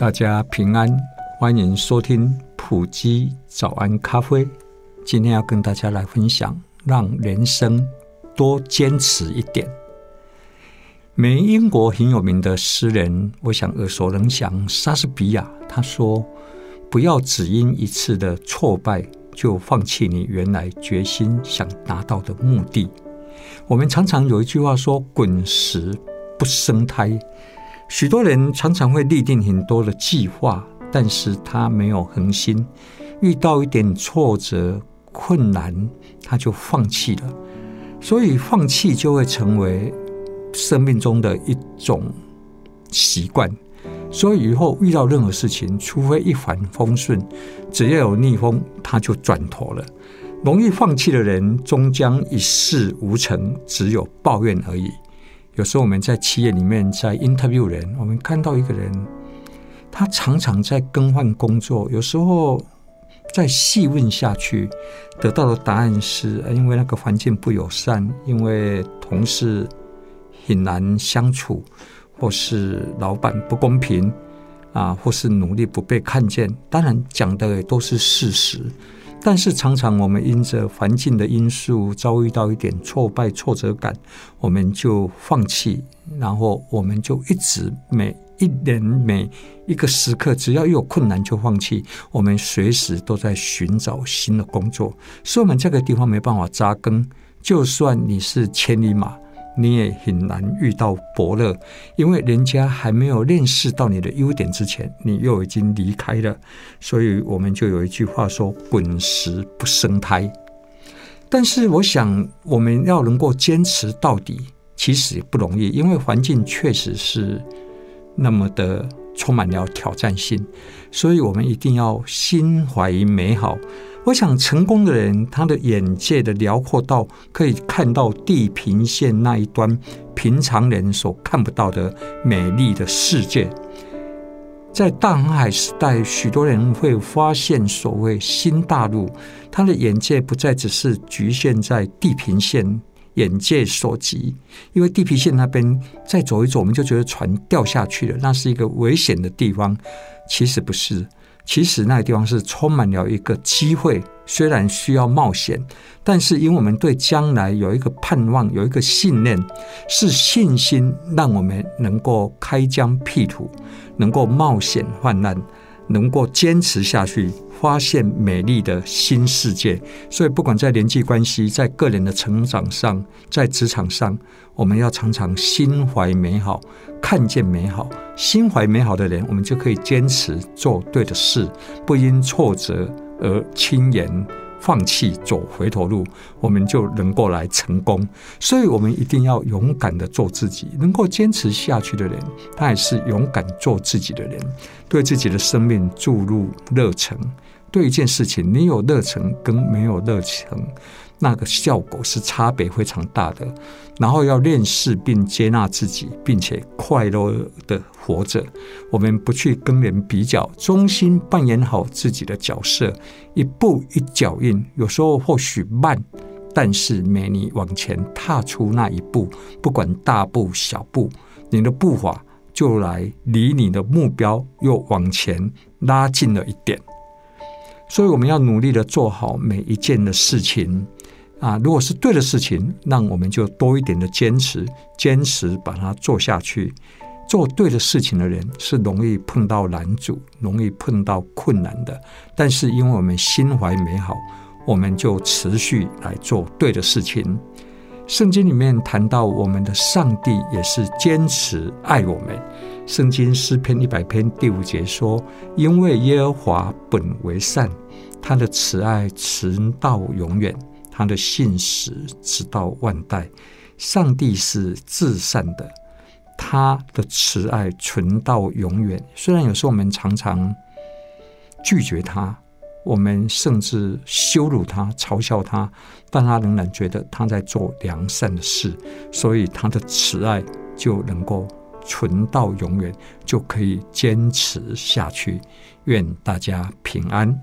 大家平安，歡迎收聽埔基早安咖啡。今天要跟大家來分享，讓人生多堅持一點。美英國很有名的詩人，我想耳熟能詳，莎士比亞他說：“不要只因一次的挫敗，就放棄你原來決心想達到的目的。”我們常常有一句話說：“滾石不生苔。”許多人常常會立定很多的計劃，但是他沒有恆心，遇到一點挫折、困難，他就放棄了。所以，放棄就會成為生命中的一種習慣。所以，以後遇到任何事情，除非一帆風順，只要有逆風，他就轉頭了。容易放棄的人，終將一事無成，只有抱怨而已。有時候我們在企業裡面，在 interview 人，我們看到一個人，他常常在更換工作。有時候再細問下去，得到的答案是因為那個環境不友善，因為同事很難相處，或是老板不公平，啊，或是努力不被看見。當然講的也都是事實。但是常常我們因着環境的因素，遭遇到一點挫敗、挫折感，我們就放棄。然後我們就一直每一年、每一個時刻，只要有困難就放棄。我們隨時都在尋找新的工作，所以我們這個地方沒辦法扎根。就算你是千里馬，你也很難遇到伯樂，因為人家還沒有認識到你的優點之前，你又已經離開了。所以我們就有一句話說：“滾石不生苔。”但是我想，我們要能夠堅持到底，其實也不容易，因為環境確實是那麼的，充滿了挑戰性，所以我們一定要心懷美好。我想，成功的人他的眼界的遼闊到可以看到地平線那一端，平常人所看不到的美麗的世界。在大航海時代，許多人會發現所謂新大陸，他的眼界不再只是局限在地平線。眼界所及，因為地平線那邊再走一走，我們就覺得船掉下去了。那是一個危險的地方，其實不是。其實那個地方是充滿了一個機會，雖然需要冒險，但是因為我們對將來有一個盼望，有一個信念，是信心讓我們能夠開疆闢土，能夠冒險犯難能夠堅持下去，發現美麗的新世界。所以，不管在人際關係、在個人的成長上、在職場上，我們要常常心懷美好，看見美好。心懷美好的人，我們就可以堅持做對的事，不因挫折而輕言放棄走回頭路，我們就能夠來成功。所以，我們一定要勇敢的做自己。能夠堅持下去的人，他也是勇敢做自己的人，對自己的生命注入熱誠。對一件事情，你有熱忱跟沒有熱忱，那個效果是差別非常大的。然後要認識並接納自己，並且快樂的活着。我們不去跟人比較，專心扮演好自己的角色，一步一腳印。有時候或許慢，但是每你往前踏出那一步，不管大步小步，你的步伐就來離你的目標又往前拉近了一點。所以我們要努力的做好每一件的事情啊！如果是對的事情，那我們就多一點的堅持，堅持把它做下去。做對的事情的人是容易碰到難處，容易碰到困難的。但是因為我們心懷美好，我們就持續來做對的事情。聖經裡面談到我們的上帝也是堅持愛我們。聖經詩篇一百篇第五節說：“因為耶和華本為善，他的慈愛存到永遠，他的信實直到萬代。”上帝是至善的，他的慈愛存到永遠。雖然有時候我們常常拒絕他。我們甚至羞辱他、嘲笑他，但他仍然覺得他在做良善的事，所以他的慈愛就能夠存到永遠，就可以堅持下去。願大家平安。